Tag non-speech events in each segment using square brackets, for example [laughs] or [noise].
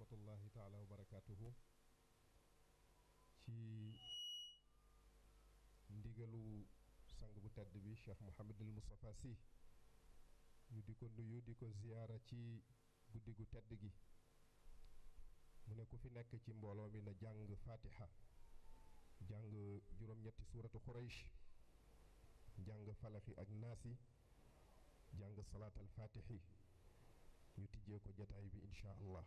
rahmatullahi taala wa barakaatuhu ci ndigalu sang bu tedd bi Cheikh Mouhamadul Moustapha Sy ñu di ko nuyu di ko ziyaara ci guddi gu tedd gi mu ne ku fi nekk ci mbooloo mi na jàng fatiha jàng suuratu Quraysh jàng falaxi ak naasi jàng salaatal fatihi ñu tijjee ko jataay bi incha allah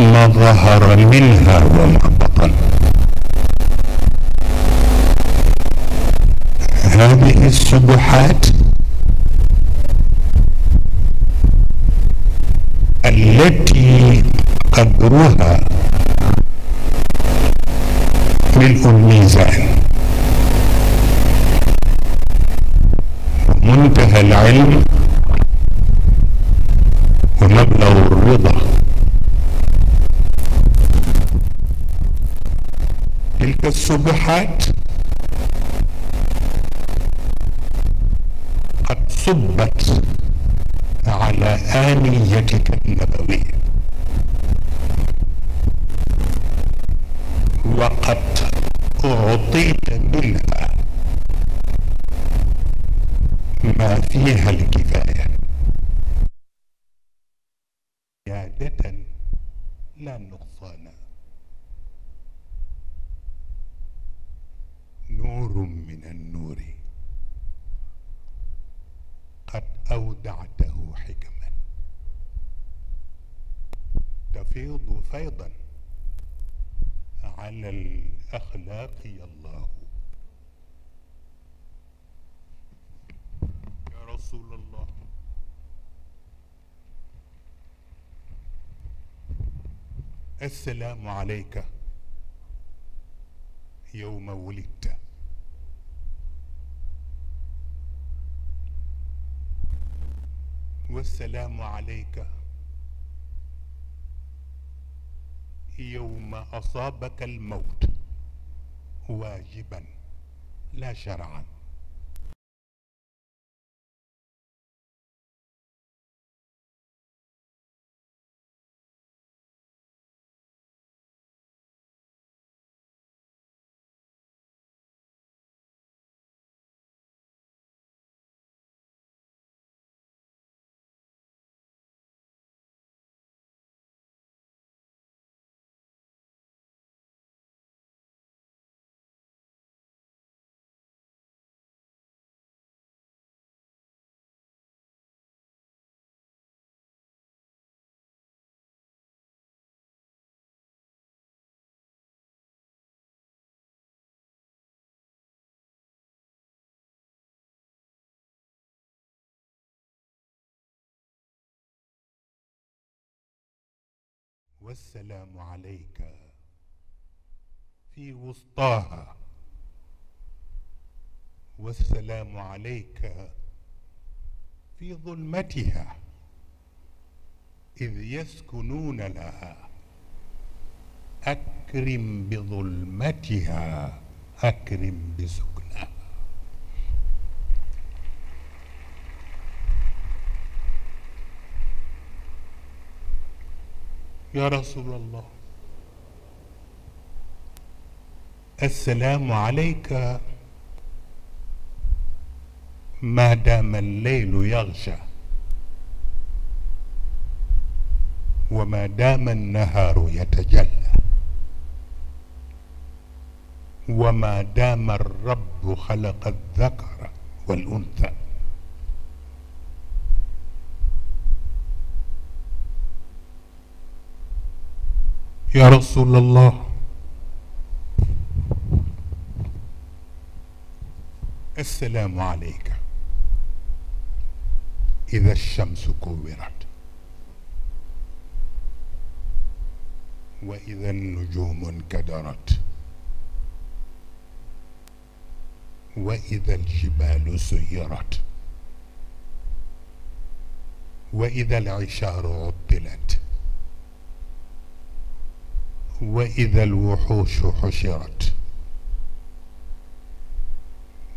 ما ظهر منها وما بطن هذه السبحات التي قدرها ملء الميزان منتهى العلم ومبلغ الرضا تلك السبحات قد صبت على آنيتك النبوية وقد أعطيت منها ما فيها الكفاية عادة لا نقصانا أودعته حكما تفيض فيضا على الأخلاق يا الله يا رسول الله السلام عليك يوم ولدت والسلام عليك يوم أصابك الموت واجبا لا شرعا والسلام عليك في وسطاها والسلام عليك في ظلمتها إذ يسكنون لها أكرم بظلمتها أكرم بسكنها yaa rasulallah assalaamu alayka maadaama alleylu yaxsha wa maadaama annahaaru yatajalla wa maadaama arrabu xalaqa aldakara wal untha yaa rasulallah assalaamu aleyka ida shamsu kuwirat wa ida nujumu nkadarat wa ida aljibalu suyirat wa ida alishaaru uttilat wa ida alwuxuushu xushirat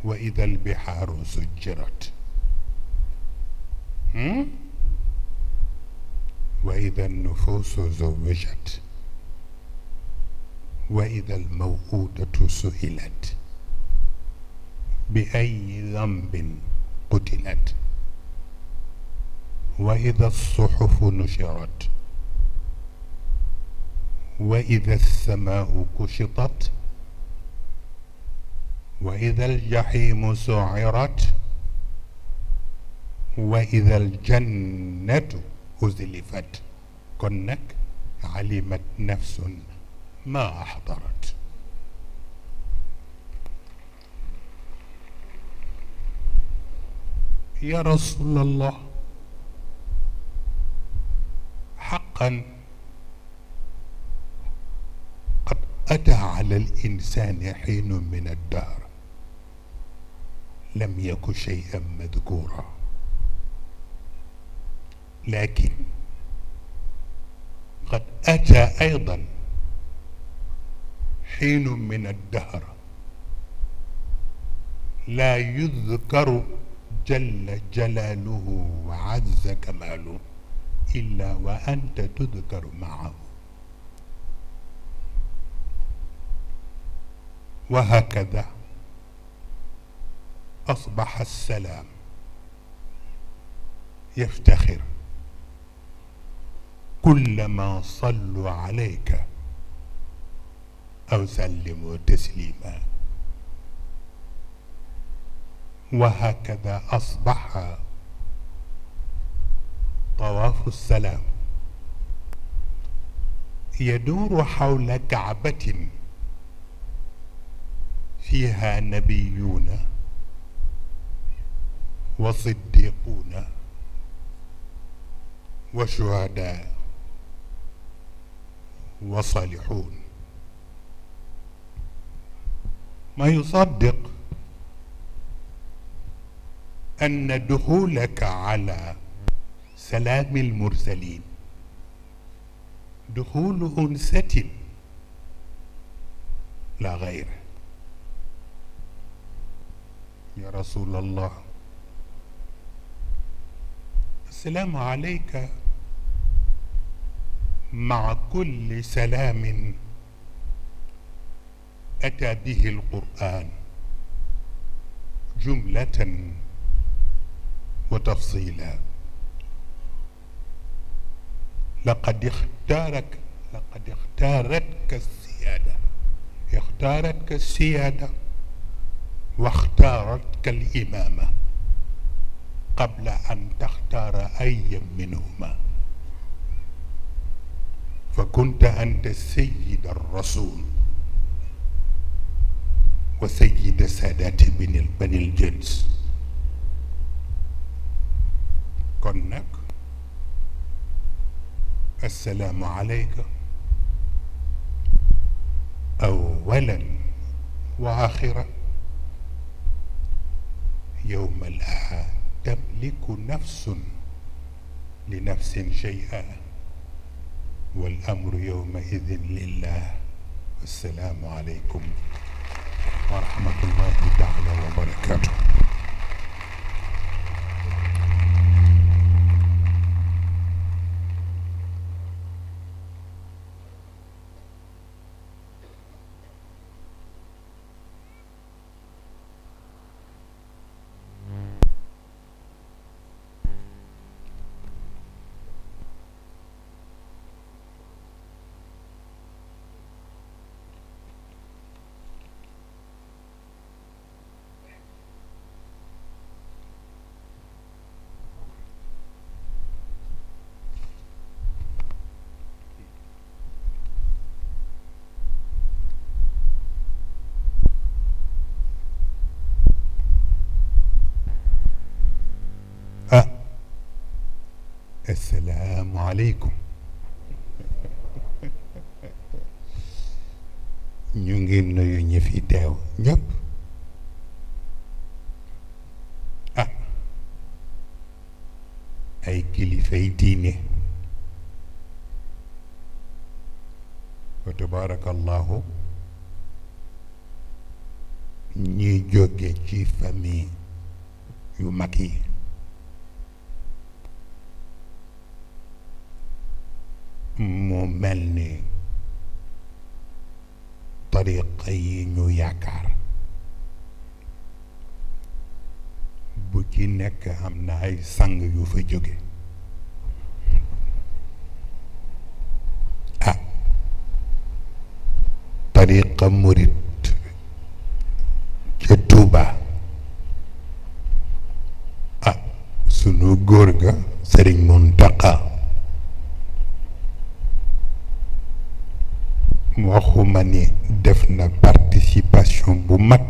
wa ida albixaaru sujjirat hmm? wa ida alnufuusu zawwijat wa ida almawuudatu suhilat bi ay dambin qutilat wa ida alsuxufu nushirat wa ida alsamaau kushitat wa ida aljaximu suirat wa ida aljannatu uzlifat kon nag alimat nafsun ma axdarat ya rasulallah xaqan أتى على الإنسان حين من الدهر لم يك شيئا مذكورا لكن قد أتى أيضا حين من الدهر لا يذكر جل جلاله وعز كماله إلا وأنت تذكر معه وهكذا أصبح السلام يفتخر كلما صلوا عليك أو سلموا تسليما وهكذا أصبح طواف السلام يدور حول كعبة fiiha nabiyuuna wa siddiquuna wa shuhadaa wa saalixuun ma yusaddiq anna duxulaka ala salaami almursaliin duxulu unsatin la gayra يا رسول الله السلام عليك مع كل سلام أتى به القرآن جملة وتفصيلا لقد اختارك لقد اختارتك السيادة اختارتك السيادة واختارتك الإمامة قبل أن تختار أي منهما فكنت أنت السيد الرسول وسيد سادات بني الجنس kon nag assalaamu aleyka awalan wa axira يوم الأحد تملك نفس لنفس شيئا والأمر يومئذ لله والسلام عليكم ورحمة الله تعالى وبركاته assalaamu aleykum ñu ngi nuyu ñi fi teew ñëpp ah. ay kilifay diine wa tabaarakallahu ñiy jóge ci famille yu mag yi moo mel ni tariqa yi ñu yaakaar bu ci nekk am na ay sang yu fa jóge ah tariqa murit ca Tuuba ah sunu góor ga Sëriñ Muntaqa waxuma ni def na participation bu mag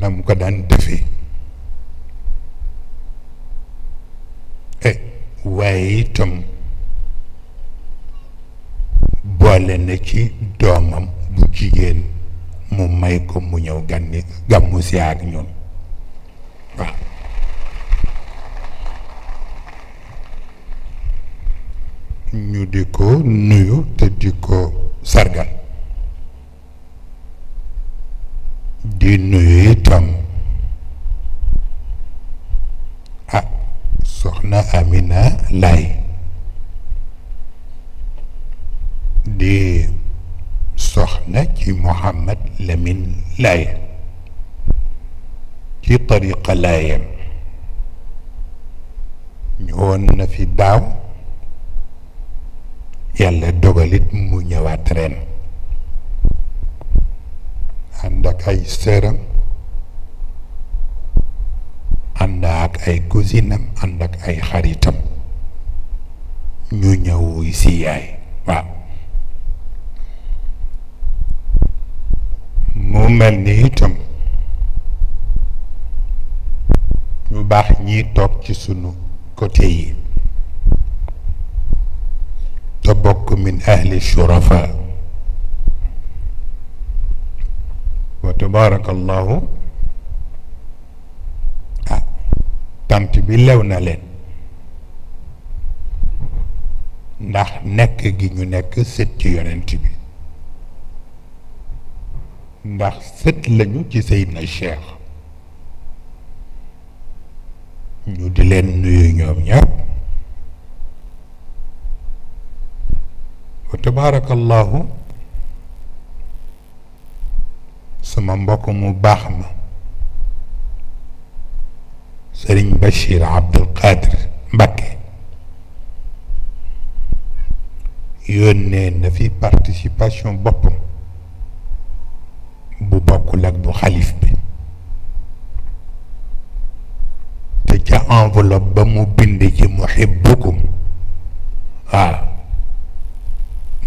na mu ko daan defee eh waaye itam boole na ci doomam bu jigéen mu may ko mu ñëw gànni gàmmu si ak ñun waaw di ko nuyu te di ko sargal di nuyu itam ah soxna Amina Lay di soxna ci Mohamed Lamine Lay ci tariqa Layeen ñu woon na fi daaw yàlla dogalit mu ñëwaat ren ànd ak ay sëram ànd ak ay cousinam ànd ak ay xaritam ñu ñëw wuy si yaay waaw mu mel ni itam ñu baax ñi toog ci sunu côté yi bokk min ahli shurafa wa tabaraka ah tant bi lew na leen ndax nekk gi ñu nekk sët ci yonent bi ndax sët lañu ci Seydina Cheikh ñu di leen nuyu ñoom ñëpp wa tabaarakallaahu sama mbokk mu baax ma sëriñ Bachir Abdul Qadir Mbakke yónnee na fi participation boppam bu bokkul ak bu xalif bi te ca enveloppe ba mu bind ci muhibbukum waaw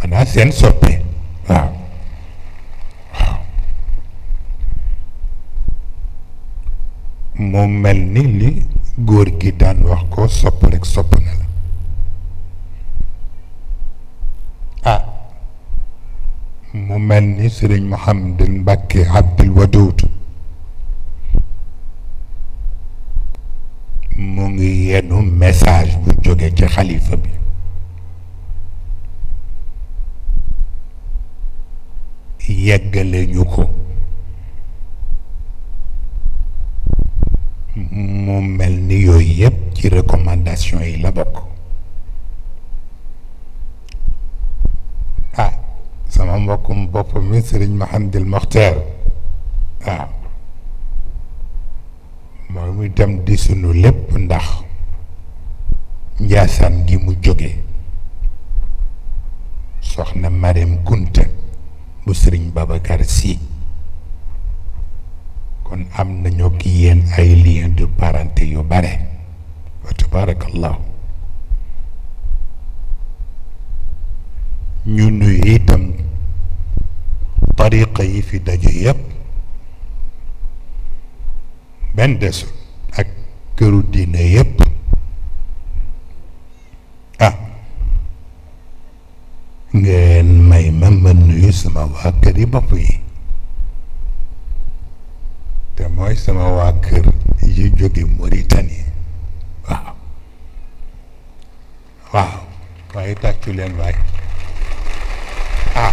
xanaa seen soppe waaw mu mel ni li góor gi daan wax ko sopp rek sopp na la ah mu mel ni sëriñ Mouhamadul Mbacke Abdul Wadoud mu ngi yenu message bu jóge ci xalifa bi yeggale ñu ko mu mel ni yooyu yëpp ci recommandation yi la bokk ah sama mbokkum bopp mi Sëriñ Mahamdil Moxtaar waaw moom itam di sunu lépp ndax njaasaan gi mu jóge soxna Mareem Kunta bu sëriñ Babacar Sy kon am nañu ki yéen ay lien de yu bare wa tabarakallahu ñu nuyu itam tariqa yi fi daje yépp benn desul ak këru diine yépp may ma ma nuyu sama waa kër yi bopp yi te mooy sama waa kër yu jóge Mauritanie waaw waaw waaye tàccu leen waay ah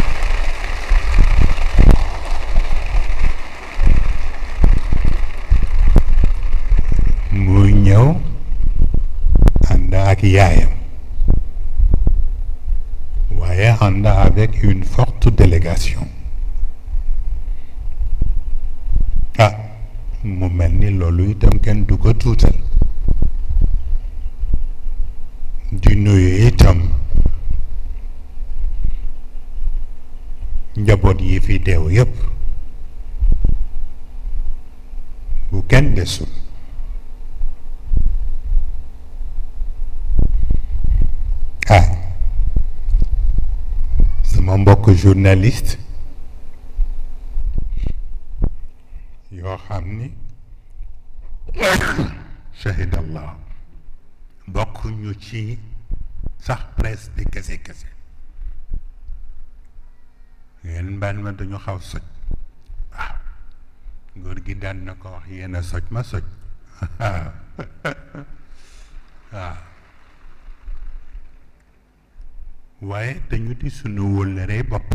mu ñëw ànd ak yaayam Rwanda avec une forte délégation ah mu mel ni loolu itam kenn du ko tuutal di nuyu itam njaboot yi fi deew yépp bu kenn desul que journaliste yoo xam ni shahidallah bokkuñu ci sax presse di kese kese yéen mbaan ma dañu xaw soj waaw góor gi daan na ko wax yéen soj ma soj [laughs] waaw waaye dañu di sunu wóllëree bopp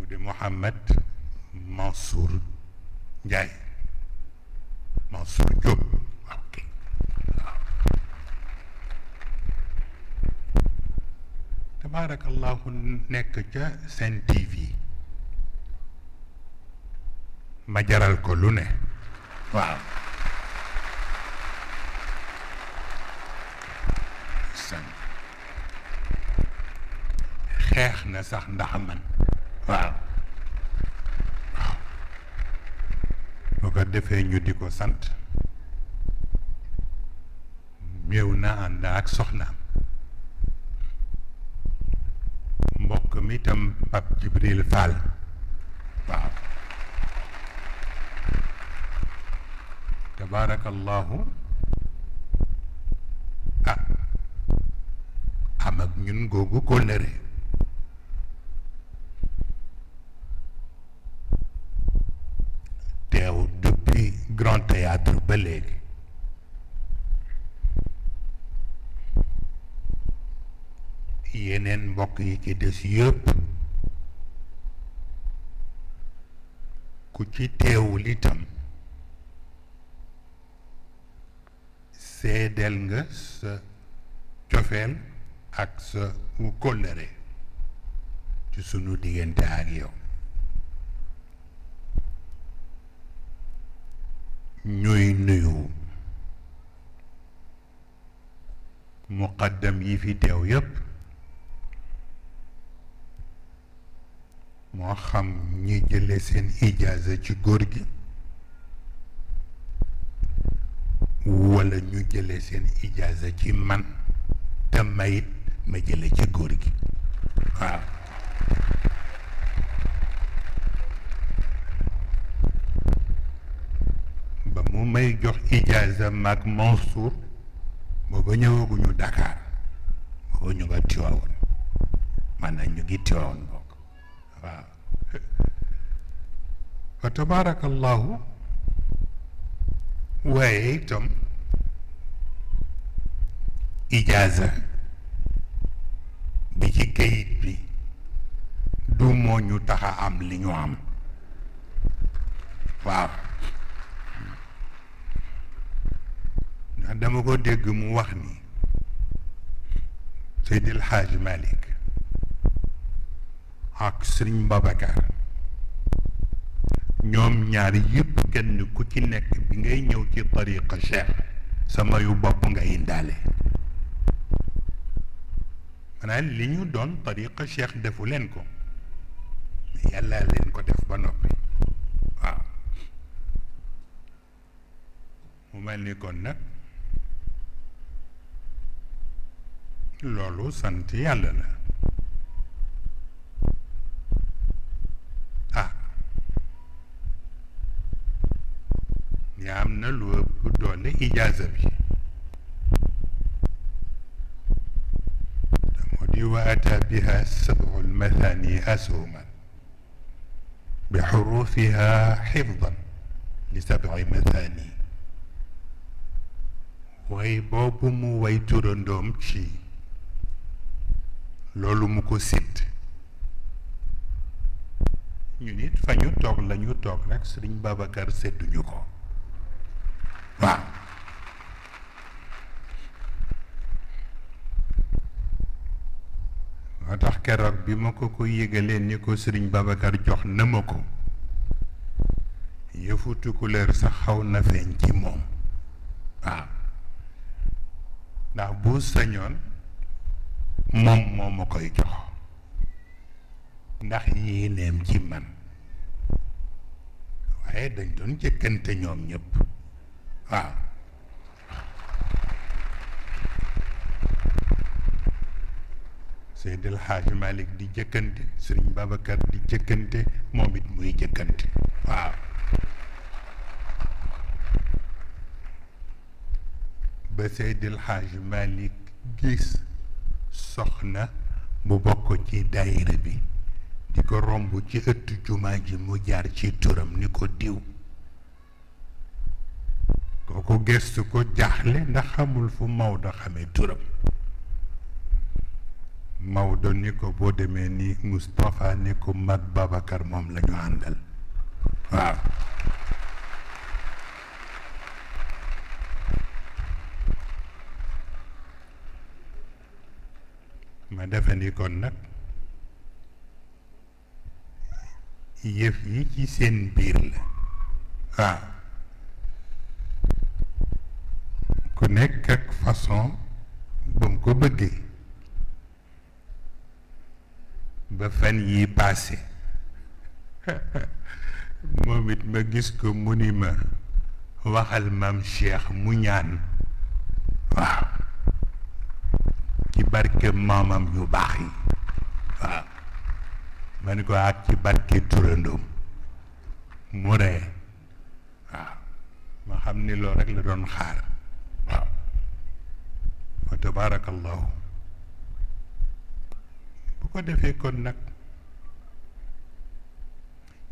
mu di Mouhamed Mansour Ndiaye Mansour Diop ah, ok ah. nekk ca Sen TV ma jaral ko lu ne waaw xeex na sax ndax man waaw waaw defee ñu di ko sant ñëw na ànd ak soxna mbokk mi tam Pape Djibril Fall waaw tabaarakallaahu am ak ñun googu kóllëre teew depuis grand théâtre ba léegi yeneen mbokk yi ci des yëpp ku ci teewul itam seedeel nga sa cofeel ak sa kóllëre ci sunu diggante ak yow ñuy nuyu muqaddam yi fi teew yépp moo xam ñi jële seen ijaaza ci góor gi walla ñu jële seen ijaaza ci man te mayit ma jële ci góor gi waaw ba mu may jox ijaaza mag Mansour booba ñëwaguñu Dakar booba ñu nga Tiwaawoon maanaam ñu ngi Tiwaawoon bokk waaw wa tabaarakallahu waaye itam ijaaza bi ci kayit bi du moo ñu tax a am li ñu am waaw dama ko dégg mu wax ni Seydil Hadj Malick ak Sëriñ Babacar ñoom ñaar yëpp kenn ku ci nekk bi ngay ñëw ci tariqa Cheikh sama yu bopp nga indaale maanaam li ñu doon tariqa cheikh defu leen ko yàlla leen ko def ba noppi waaw mu mel ni kon nag loolu sant yàlla la ah ña am na lu ëpp doole ijaaza bi أتى بها سبع المثاني أسهما بحروفها حفظا لسبع مثاني way boobu mu way turandoom ci loolu mu ko sidd ñu nit fa ñu toog la ñu toog rek sëriñ Babacar sedduñu ko keroog bi ma ko ko yëgalee ni ko sëriñ Babacar jox na ma ko yëfu tukkuleer sax xaw na feeñ ci moom waaw ndax bu sañoon moom moo ma koy jox ndax yéeneem ci man waaye dañ doon jëkkante ñoom ñëpp waaw Seydi El Hadji Malick di jëkkante Serigne Babacar di jëkkante moom it muy jëkkante waaw ba Seydi El Hadji Malick gis soxna bu bokk ci daayira bi di ko romb ci ëttu jumaa ji mu jaar ci turam ni ko diw kooko gestu ko jaaxle ndax xamul fu Maodo xamee turam Maodo ni ko boo demee ni Moustapha ni ko mag Babacar moom la àndal waaw ma defe ni kon nag yëf yi ci seen biir la waaw ku nekk ak façon ba ko bëggee ba fan yi paase [laughs] moom it ma gis ko mu ni ma waxal maam Cheikh mu ñaan waaw ci barke maamam yu baax yi waaw ma ni ko ak ci barke turandoom mu ree waaw ma xam ni loolu rek la doon xaar waaw wa tabarakallahu ko defee kon nag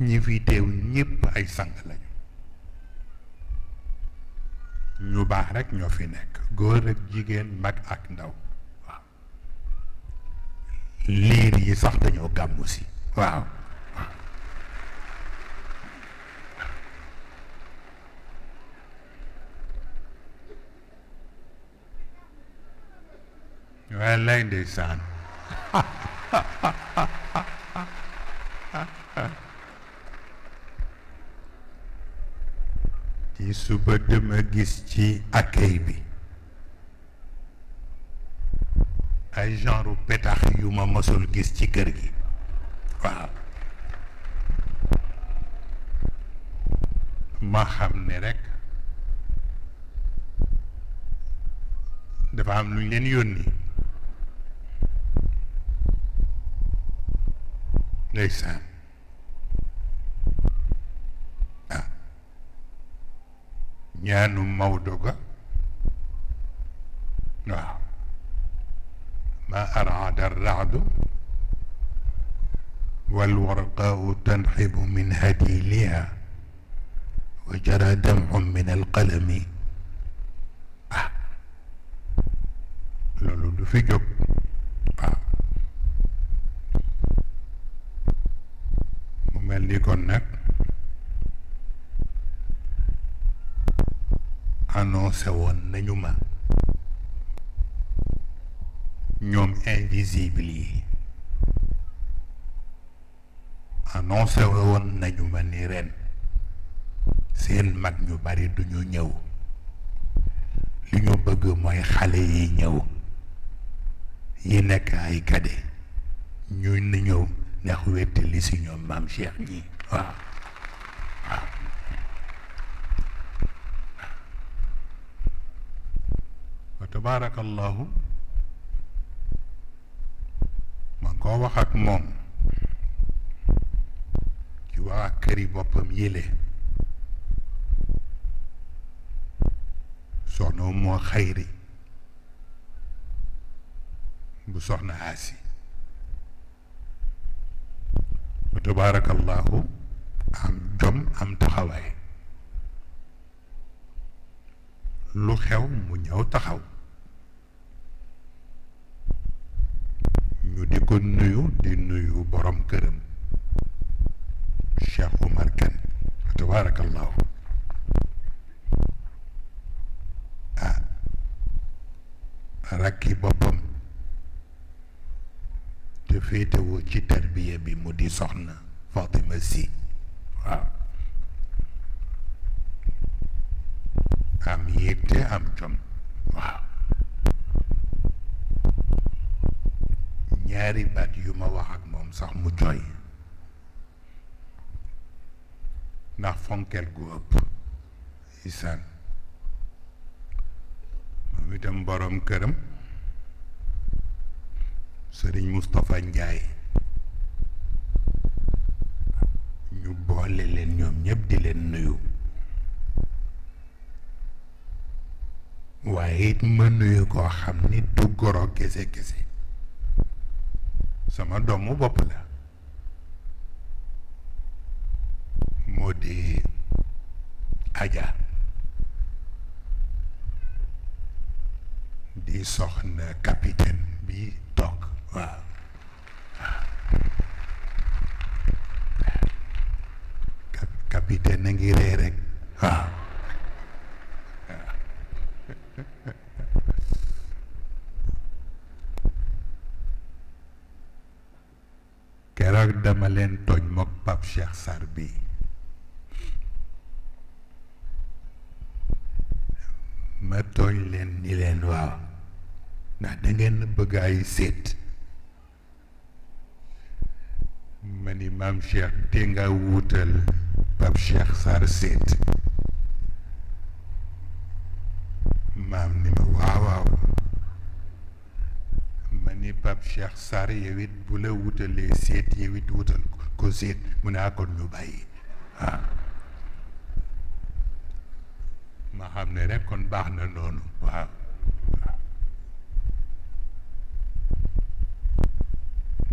ñi fi teew ñépp ay sang lañu ñu baax rekk ñoo fi nekk góor ak jigéen mag ak ndaw waaw liir yi sax dañoo gàmmu si waaw wallaay ndeysaan [laughs] ci suba dama gis ci accueil bi ay genre pétax yu ma mësul gis ci kër gi waaw ma xam ne rekk dafa am lu ñu leen yónni ndeysaan ah ñaanu Maodo ga waaw ma araada raadu والورقاء تنحب من هديلها وجرى دمع من القلم ah loolu du fi jóg indi kon nag annoncé woon nañu ma ñoom invisible yi annoncé nañu ma ni ren seen mag ñu bari duñu ñëw li ñu bëgg mooy xale yi ñëw yi nekk ay kade ñuy na ñëw ndax wéttali si ñoom maam Cheikh ñi waaw waaw wa koo wax ak moom ci waa këri boppam yële soxna moo xayri bu soxna aasi fa tabaarakallaahu am jom am taxawaay lu xew mu ñëw taxaw ñu di ko nuyu di nuyu borom këram Cheikh Oumar Kane fa ah, rakki bopp féetewoo ci tarbiya bi mu di soxna Fatima Sy waaw am yitte am jom waaw ñaari baat yu ma wax ak moom sax mu jooy ndax fonkel gu ëpp isaan moom itam boroom këram sëriñ Moustapha njaay ñu boole leen ñoom ñëpp di leen nuyu waaye it ma nuyu koo xam ni du goro kese kese sama doomu bopp la moo di Aja di soxna capitaine bi toog waaw waaw a na ngi rey rek waaw keroog dama leen tooñ mook Pape Cheikh Sarr bi ma tooñ leen ni leen waaw ndax da ngeen bëgg ay séet maam Cheikh te nga wuutal Pape Cheikh Sarr Seet maam ni ma waaw ma ni Pape Cheikh Sarr yow bu la wutalee seet yow wutal ko seet mu ne akon ah, ñu bàyyi ah. ma xam ne rek kon baax na noonu waaw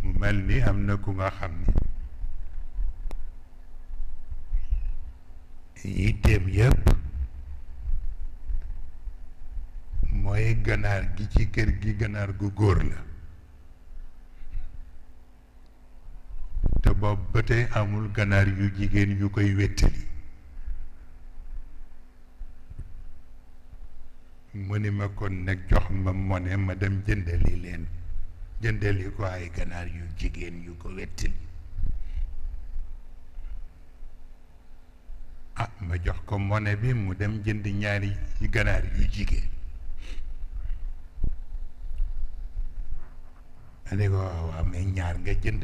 mu mel ni am na ku nga xam ni yitteem yépp mooy ganaar gi ci kër gi ganaar gu góor la te boobu ba tey amul ganaar yu jigéen yu koy wéttali mu ni ma kon nag jox ma mone ma dem jëndali leen jëndali ko ay ganaar yu jigéen yu ko wéttali ah ma jox ko mone bi mu dem jënd ñaari ganaar yu jigéen ma ne waaw waaw ñaar nga jënd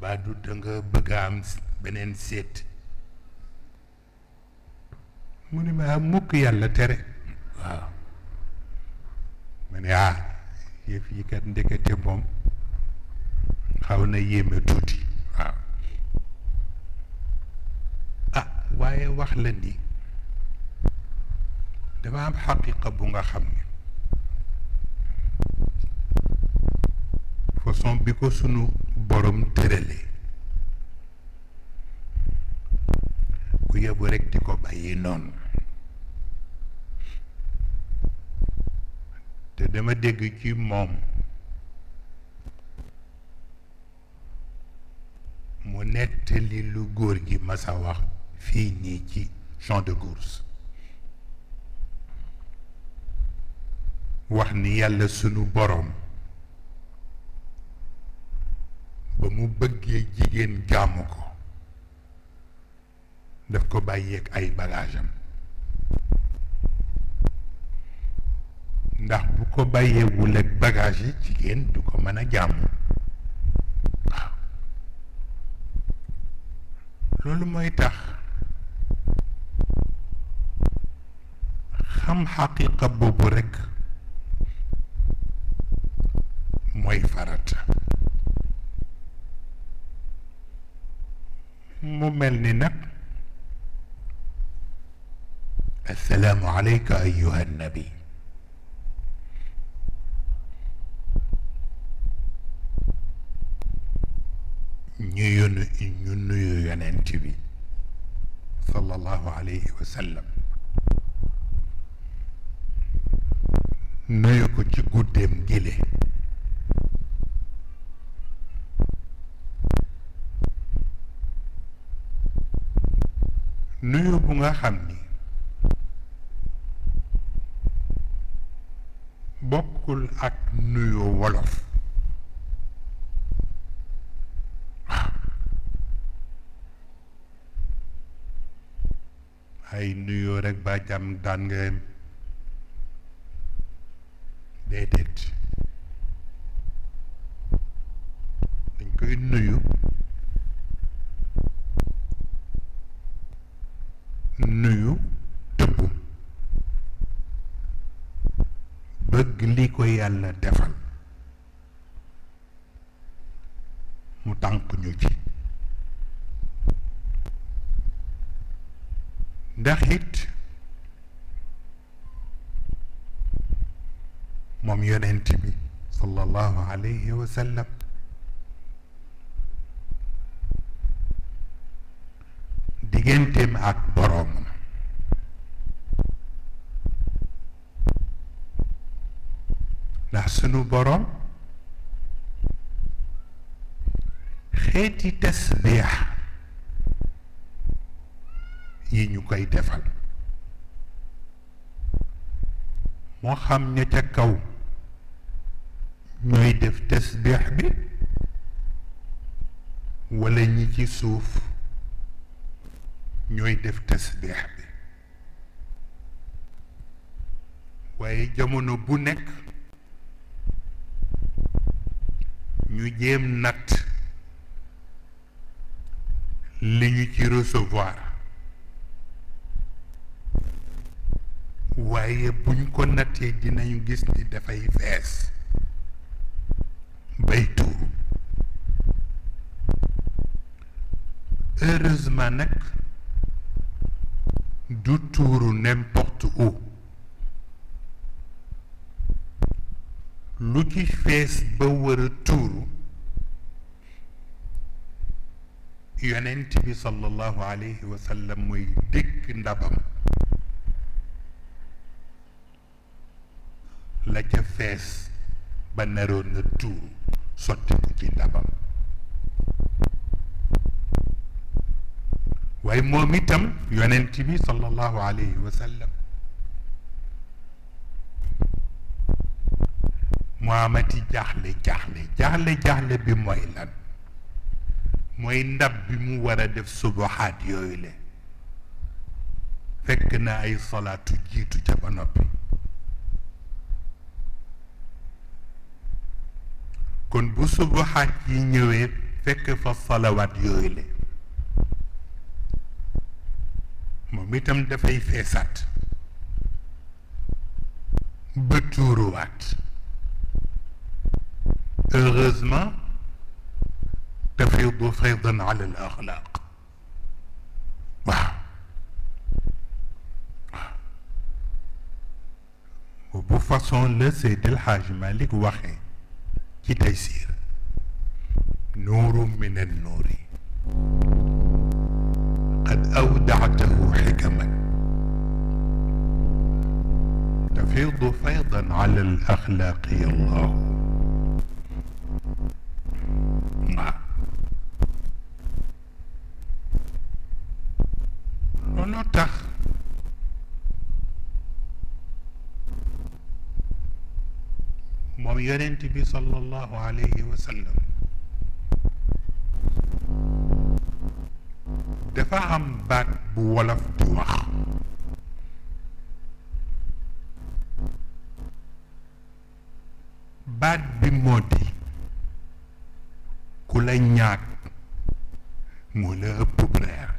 baadu da nga bëgg a am beneen seet mu ne ma ah, mukk yàlla tere waaw ma ne ah yëf yi kat ndekete moom xaw na yéeme tuuti waaye wax la ni dama am xaqiqa bu nga xam ni façon bi ko sunu borom tëralee ku yebu rek di ko bàyyi noonu te dama dégg ci moom mu nettali lu góor gi masa wax fii nii ci champ de course wax ni yàlla sunu boroom ba mu bëggee jigéen jàmm ko daf ko bàyyeek ay bagaasam ndax bu ko bàyyeewul ak bagage yi jigéen du ko mën a jaamu loolu mooy tax xam xaqiqa boobu rekk mooy farata mu mel ni nag assalaamu aleyka ayyuha nabi ñu yónni ñu nuyu yonent bi sallallahu alayhi wa sallam nuyu ko ci guddeem gile nuyu bu nga xam ni bokkul ak nuyu wolof ay nuyu rekk ba jàmm daan nga déedéet dañ koy nuyu nuyu tëbb bëgg li ko yàlla defal mu tànk ñu ci ndax عليه وسلم digganteem ak boroomam ndax sunu boroom xeeti tasbiix yi ñu koy defal moo xam ña ca kaw ñooy def tasbix bi wala ñi ci suuf ñooy def tasbix bi waaye jamono bu nekk ñu jéem natt li ñu ci recevoir waaye buñ ko nattee dinañu gis ni dafay fees heureusement nag du tuuru lu ci fees ba war a tuuru yonent bi sallallahu alayhi wa sallam dëkk ndabam la ca fees ba naroon na tuuru sotti ci ndabam waaye moom itam yonent bi sallallahu alayhi wa sallam mu amati jaaxle jaaxle jaaxle jaaxle bi mooy lan mooy ndab bi mu war a def subaxaat yooyu le fekk na ay salaatu jiitu ca ba noppi kon bu subaxaat yi ñëwee fekk fa salawaat yooyu moom itam dafay feesaat ba tuuruwaat heureusement tafidu faydan ala bu façon la Seydi El Hadj Malick waxee ci Taysiir min an nuuri قد أودعته حكما تفيض فيضا على الأخلاق الله looloo tax moom yonent bi sallallahu alayhi wa sallam dafa am baat bu wolof di wax baat bi moo di ku la ñaag moo la ëpp reer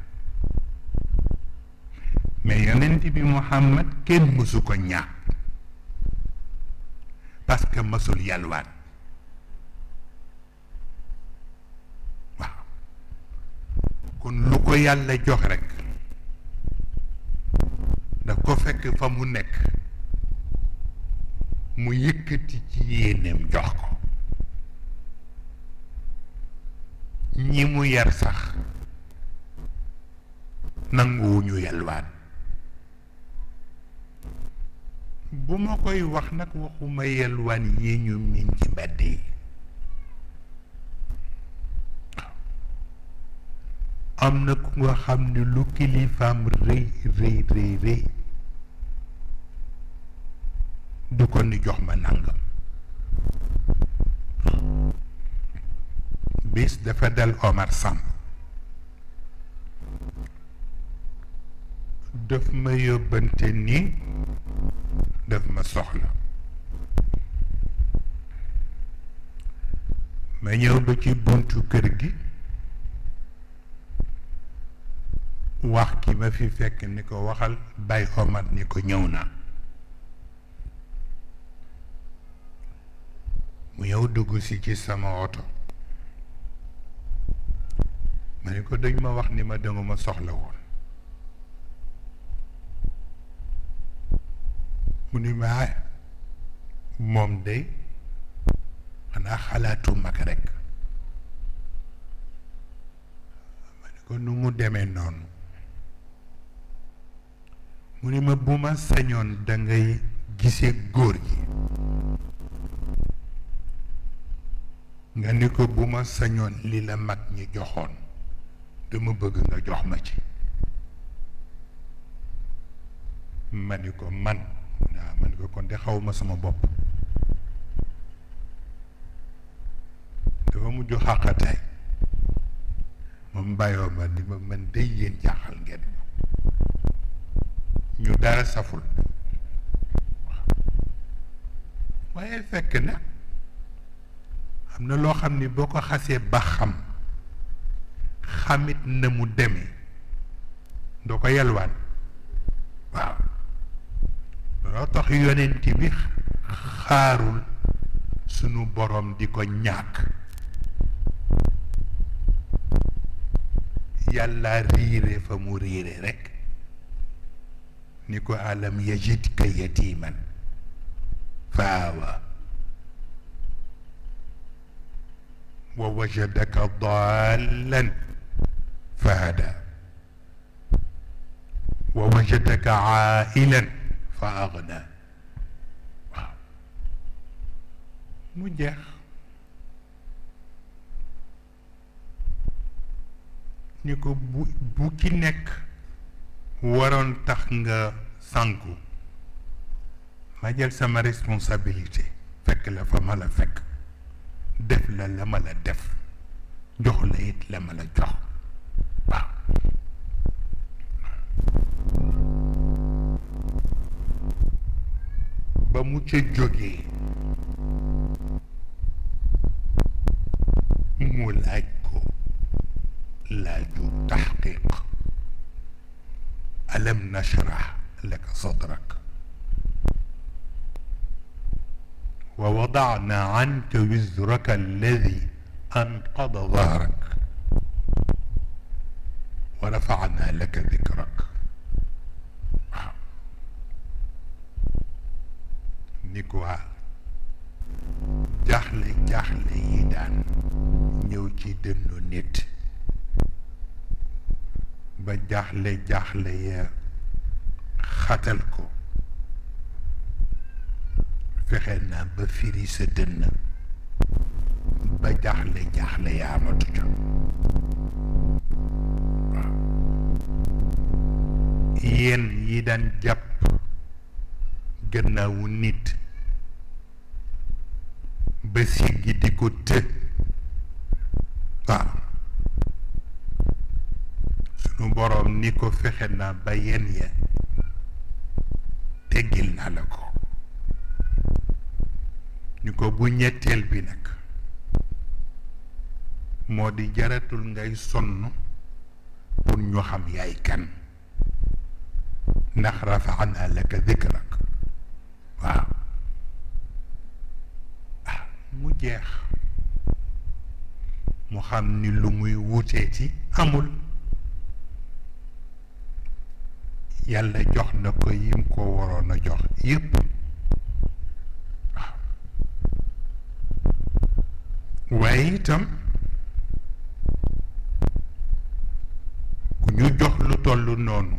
mais yonent bi Muhammad kenn mësu ko ñaag parce que mësul yalwaat kon lu ko yàlla jox rekk da ko fekk fa mu nekk mu yëkkati ci yéeneem jox ko ñi mu yar sax nanguwuñu yelwaan bu ma koy wax nag waxuma yelwaan yi ñu miin ci mbedd yi am na ku nga xam ni lu kilifaam rëy rëy rëy du ko ni jox ma nàngam bis dafa dal Omar Samb daf ma yóbbante ni daf ma soxla ma ñëw ba ci buntu kër gi wax ki ma fi fekk ni ko waxal bay Omar ni ko ñëw naa mu yow dugg si ci sama oto ma ni ko dañ ma wax ni ma danga ma soxla woon mu ni ma ah, moom day xanaa xalaatu mag rek ma ni ko nu mu demee noonu mu ne ma bu ma sañoon da ngay góor gi nga ni ko bu ma sañoon li la mag ñi joxoon dama bëgg nga jox ma ci ma ni ko man waaw ma ni ko kon de xaw ma sama bopp dafa mujj xàqataay moom bàyyoo ma ni ma man day yéen jaaxal ngeen ñu dara saful waaye fekk na am na loo xam ni boo ko xasee ba xam xamit na mu deme doo ko yalwaan waaw loo tax yonent bi xaarul sunu boroom di ko ñàkk yàlla riire fa mu riire rekk ni ko alam yajidka yatiman fa awa wa wajadaka dallan fa hada wa wajadaka ailan fa agna waaw mu jeex ni ko bu bu ki nekk waroon tax nga sànku ma jël sama responsabilité fekk la fa ma la fekk def la la ma la def jox la it la ma la jox waaw ba mu ca jógee mu laaj ko laaju taxqiq alam nashrah laka sadrak wa wadana anka wizraka alladi anqada dahrak wa rafana laka dikrak waaw ni ko jaaxle jaaxle yi daan ñëw ci dënnu nit ba jaaxle jaaxle yee xatal ko fexe naa ba firi sa dënn ba jaaxle jaaxle yaa amatu ca waaw yéen yi daan jàpp gannaawu nit ba siggi di ko të ko fexe naa ba yenn ya teggil naa la ko ñu ko bu ñetteel bi nag moo di jaratul ngay sonn pour ñu xam yaay kan ndax rafaana laka dikrak waaw ah mu jeex mu xam ni lu muy wuteeti amul yàlla jox na ko yim ko waroon a jox yépp waaw waaye itam ku ñu jox lu toll noonu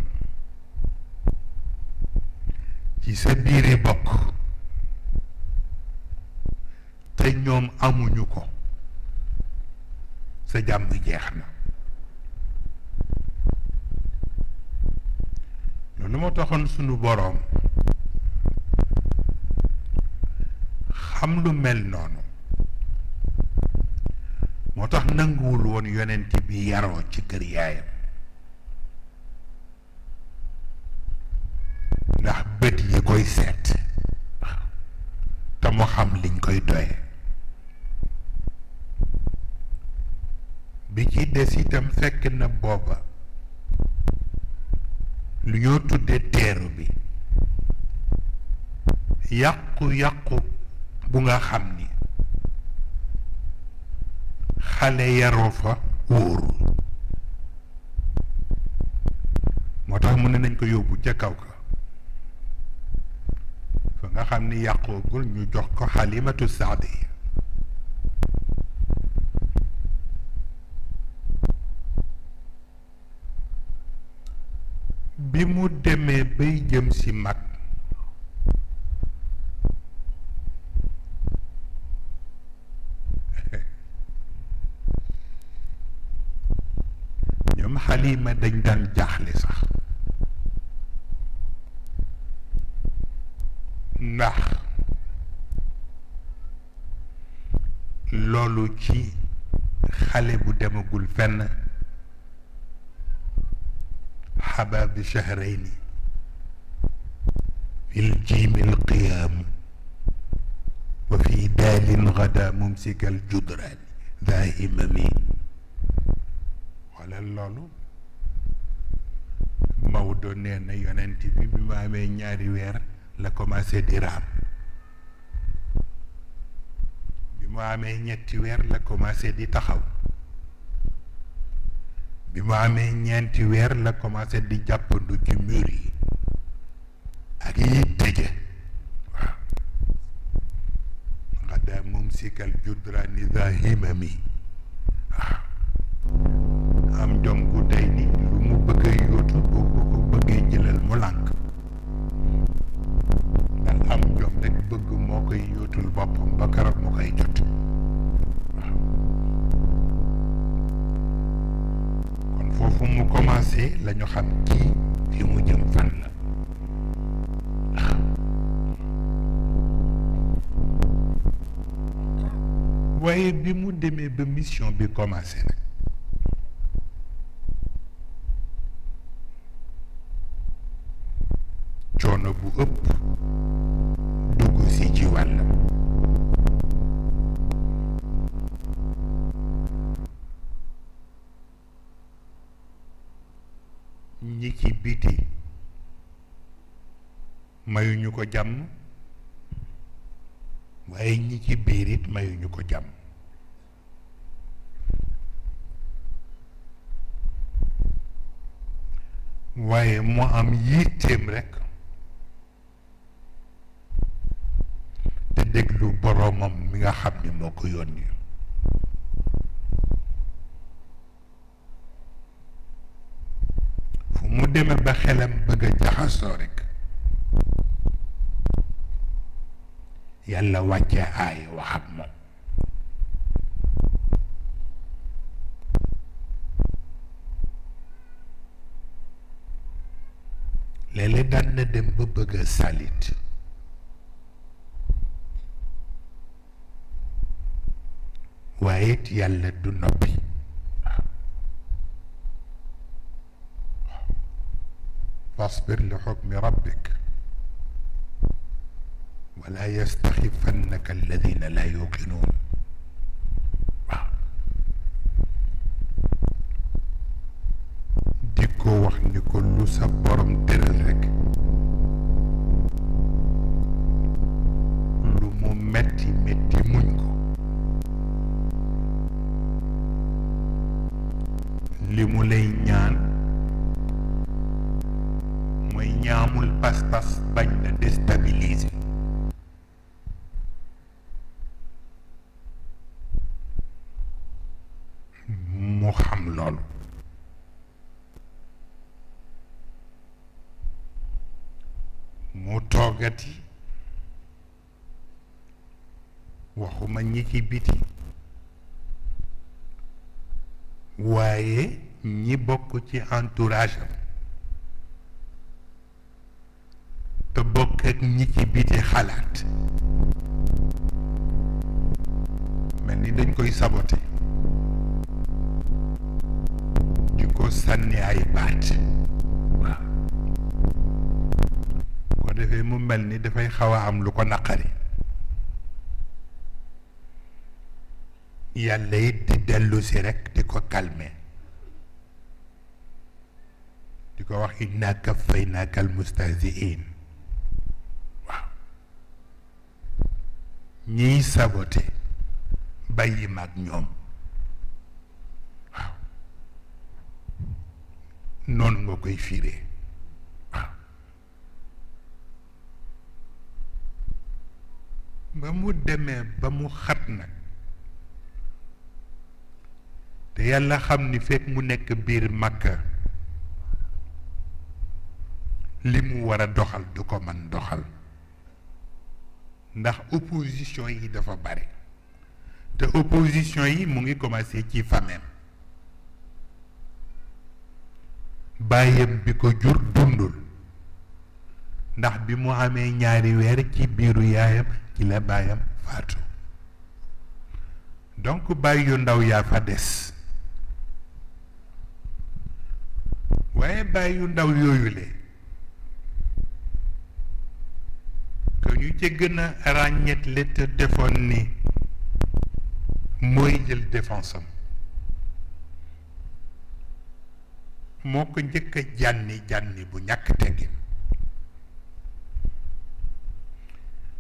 ci sa biiri bokk te ñoom amuñu ko sa jàmm jeex na taxoon sunu boroom xam lu mel noonu moo tax nanguwul woon yonent bi yaroo ci kër yaayam yàqu bu nga xam ni xale yaroo fa wóoru moo tax mu ne nañ ko yóbbu ca kaw ka fa nga xam ni yàqoogul ñu jox ko xalimatu saadi ne dañ daan jaaxle sax ndax loolu ci xale bu demagul fenn xabaabi shahrayni fil jiimil qiyaamu wa fi daalin gada mumsikal judraani daa himami wala loolu Maodo nee na yonent bi bi ma amee ñaari weer la commencé di raam bi mu amee ñetti weer la commencé di taxaw bi mu amee ñeenti weer la commencé di jàppandu ci mur yi ak yi tëje waaw xadda moom sikal judrani za himami waaw am jom gu day ni lu mu bëgg a boobu ko bëggee jëlal mu bëgg moo koy yóotul boppam ba keroog kon foofu mu commencé la xam kii fi mu jëm fan la waaye bi mu demee ba mission bi commencé ko jàmm waaye ñi ci biir it mayuñu ko jàmm waaye mu am yitteem rekk te déglu boroomam mi nga xam ni moo ko yónni fu mu demee ba xelam bëgg jaxasoo rekk yàlla wàcce aay wax moom léeg daan na dem ba bëgg a salit waaye it yàlla du noppi fasbir li xukmi rabbik wala yastaxifannaka alladina la yuqinuun waaw di ko wax ni ko lu sa borom tëral rek ci biti waaye ñi bokk ci entourage am te bokk ak ñi ci biti xalaat mel ni dañ koy sabote di ko sànni ay baat ko defee mu mel ni dafay xaw a am lu ko naqari yàlla it di dellu si di ko calmer di ko wax inna kafaynaaka almustahziin waaw ñiy sabote bàyyi mag ñoom waaw noonu nga koy firee waaw ba mu demee ba mu xat nag te yàlla xam ni fekk mu nekk biir màkka li mu war a doxal du ko man doxal ndax opposition yi dafa bare te opposition yi mu ngi commencé ci fameem bàyyam bi ko jur dundul ndax bi mu amee ñaari weer ci biiru yaayam ci la bàyyam faatu donc bàyyi yu ndaw yaa fa des waaye bàyyi ndaw yooyu le ko ñu ca gën te defoon ni mooy jël défense moo ko njëkk a jànni jànni bu ñàkk teggin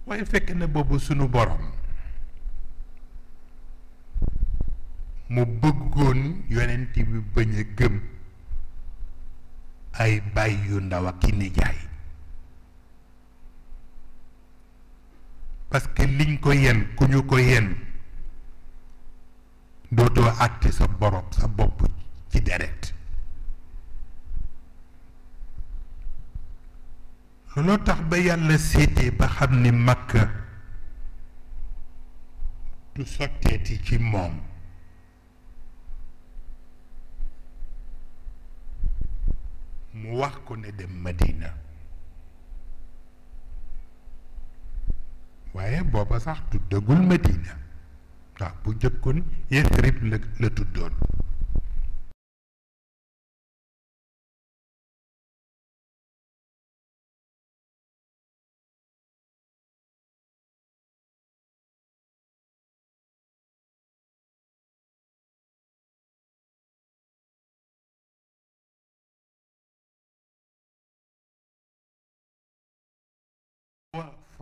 waaye fekk na boobu sunu borom mu bëggoon yonent bi bañ a gëm ay baay yu ndaw ak i nijaay parce que liñ ko yen ku ñu ko yen dootoo àtte sa borom sa bopp ci deret looloo tax ba yàlla seetee ba xam ni makka du sotteeti ci moom mu wax ko ne dem ma Madina waaye booba sax tuddagul Madina ndax bu njëkkoon Yesrib la la tuddoon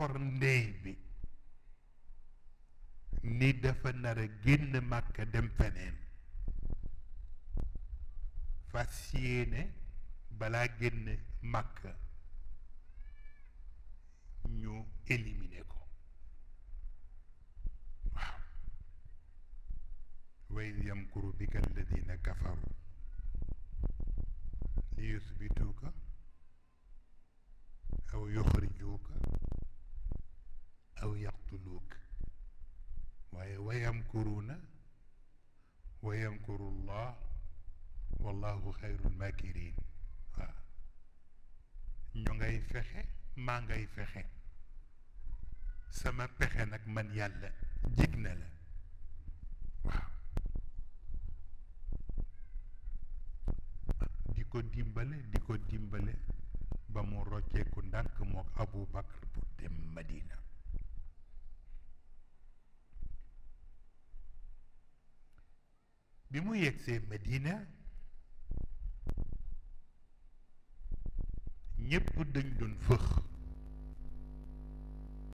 lor ndey bi ni dafa nar génn màkka dem feneen fas yéene balaa génn màkka ñu éliminer ko waaw wa id yamkuru bika alladina kafaru li yusbituuka aw yuxrijuuka aw yaqtuluuk waaye wa yamkuruuna wa yamkuru llah wallahu xayrul makirin waaw ñu ngay fexe maa ngay fexe sama pexe nag man yàlla jig na la di ko dimbale di ko dimbale ba mu rocceeku ndànk mook Abu Bakar pour dem Madina bi mu yegsee Medina ñépp dañ doon fëx